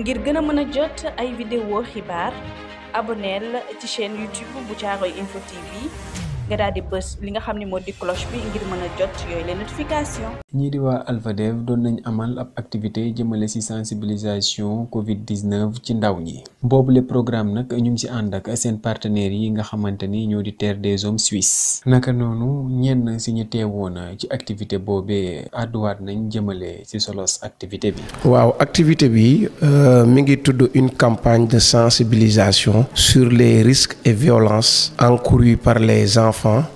ngir gëna a mën a jot ay vidéo xibaar aboneel ci chaîne YouTube bu Caaroy info TV nga daal di bës li nga xam ne moo di cloche bi ngir mën a jot yooyu les notification ñii di waa Alvadev doon nañ amal ab activité jëmale ci sensibilisation Covid 19 ci ndaw ñi. boobule programme nag ñu ngi ci ànd ak seen partenaires yi nga xamante ni ñoo di Terre des Hommes Suisse. naka noonu ñenn ci ñu teewoon ci activité boobee àdduwaat nañ jëmale ci solos activité bi. waaw activité bi euh, mi ngi tudd une campagne de sensibilisation sur les risques et violences encourus par les enfants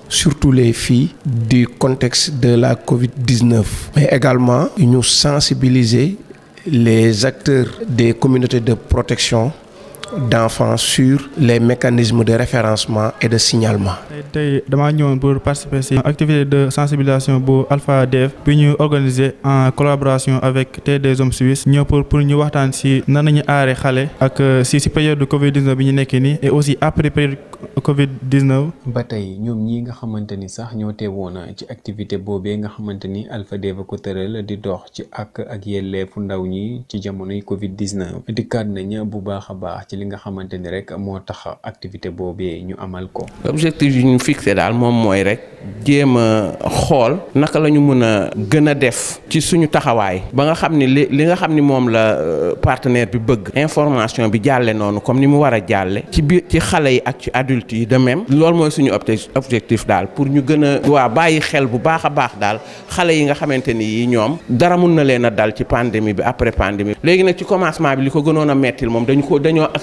surtout les filles, du contexte de la COVID-19. Mais également, nous sensibiliser les acteurs des communautés de protection d'enfants sur les mécanismes de référencement et de signalement. tey nous allons pour participer ci activité de sensibilisation pour Alpha Dev bi ñu organisé en collaboration avec TD Hommes suisses. ñëw pour pour ñu waxtaan ci nan nañu aare ak euh, ci période de Covid 19 bi ñu nekk et aussi après période Covid 19. Batay, nous ñoom ñi nga xamante ni sax ñoo ci activité pour nga xamante ni Alpha Dev ko tëral di dox ci ak ak yelleefu ndaw ñi ci Covid 19 Nous nañ bu baax a baax li nga xamante ni rek moo tax activité boobee ñu amal ko. objectif yi ñu fixé daal moom mooy rek jéem a xool naka la ñu mën a gën a def ci suñu taxawaay ba nga xam ni li li nga xam ni moom la euh, partenaire bi bëgg information bi jàlle noonu comme ni mu war a jàlle ci biir ci xale yi ak ci adultes de même loolu mooy suñu objectif daal pour ñu gën a waa bàyyi xel bu baax a baax daal xale yi nga xamante ni yi ñoom dara mun na a commencement bi li ko gënoon a mettil moom dañu ko dañoo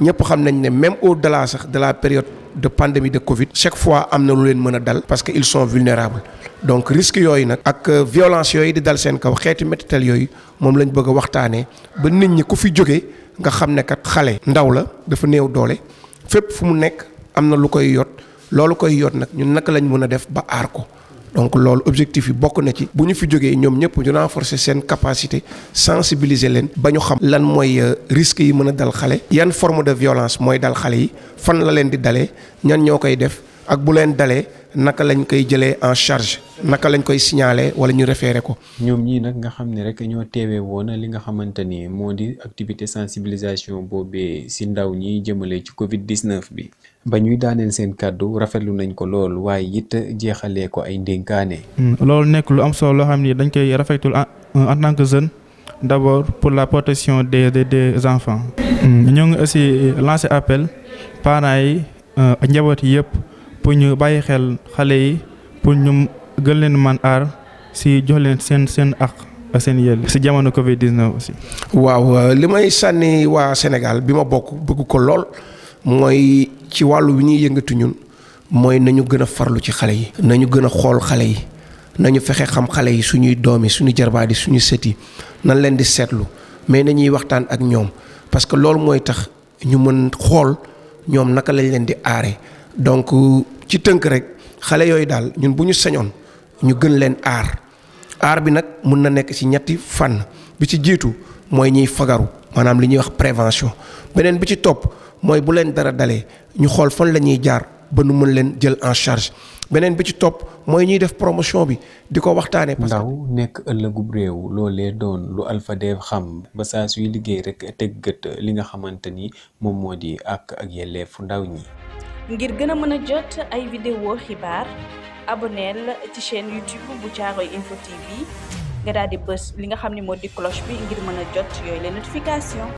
ñëpp xam nañ même au delà de la période de pandémie de Covid chaque fois parce qu'ils sont vulnérables donc risque yooyu ak euh, violence yooyu di dal seen kaw lañ bëgg a ba nit ñi ku ne kat ndaw la dafa néew doole fépp fu nekk am lu koy yot loolu koy yot donc loolu objectif yi bokk na ci bu ñu fi jógee ñoom ñëpp ñu renforcer seen capacité sensibiliser leen ba ñu xam lan mooy euh, risque yi mën a dal xale yan forme de violence mooy dal xale yi fan la leen di dalee ñan ñoo koy def ak bu leen dalee naka lañ koy jëlee en charge naka lañ koy signaler wala ñu référé ko. ñoom ñii nag nga xam ne rek ñoo teewee woon li nga xamante ni moo di activité sensibilisation boobee si ndaw ñi jëmale ci Covid 19 bi. ba ñuy daaneel seen kàddu rafetlu nañ ko loolu waaye it jeexalee ko ay ndénkaane. Hmm, loolu nekk lu am solo loo xam ni dañ koy rafetul en tant que jeune d' abord pour la protection des des des enfants. Hmm. ñoo ngi aussi lancé appel parents yi euh, njaboot yi yëpp. pour ñu bàyyi xel xale yi pour ñu gën leen man aar si joxleen seen seen ak seen yel si jamono Covid 19 aussi. waaw euh, li may sànni waa Sénégal bi ma bokk bëgg ko lool mooy ci wàllu wi ñuy yëngatu ñun mooy nañu gën a farlu ci xale yi. nañu gën a xool xale yi nañu fexe xam xale yi suñuy doom yi suñu jarbaat yi suñu sët yi nan leen di seetlu mais ñuy waxtaan ak ñoom parce que loolu mooy tax ñu mën xool ñoom naka lañ leen di aare donc ci tënk rek xale dal, daal ñun bu ñu sañoon ñu gën leen aar aar bi nag mun na nek ci ñetti fànn bi ci jiitu fagaru manam li ñuy wax prévention beneen bi ci topp mooy bu leen dara dalee ñu xool fan la jaar ba nu mën leen jël en charge beneen bi ci def promotion bi di ko waxtaanee. parce que nek nekk ëllëgub réew loolee doon lu Alpha Dev xam ba saa suy liggéey rek teg gët li nga xamante ni moom moo di ak ak yelleefu ndaw ñi. ngir gën a mën a jot ay vidéo xibaar aboneel ci chaîne YouTube bu caaro info TV nga daal di bës li nga xam ne moo di cloche bi ngir mën a jot yooyu les notification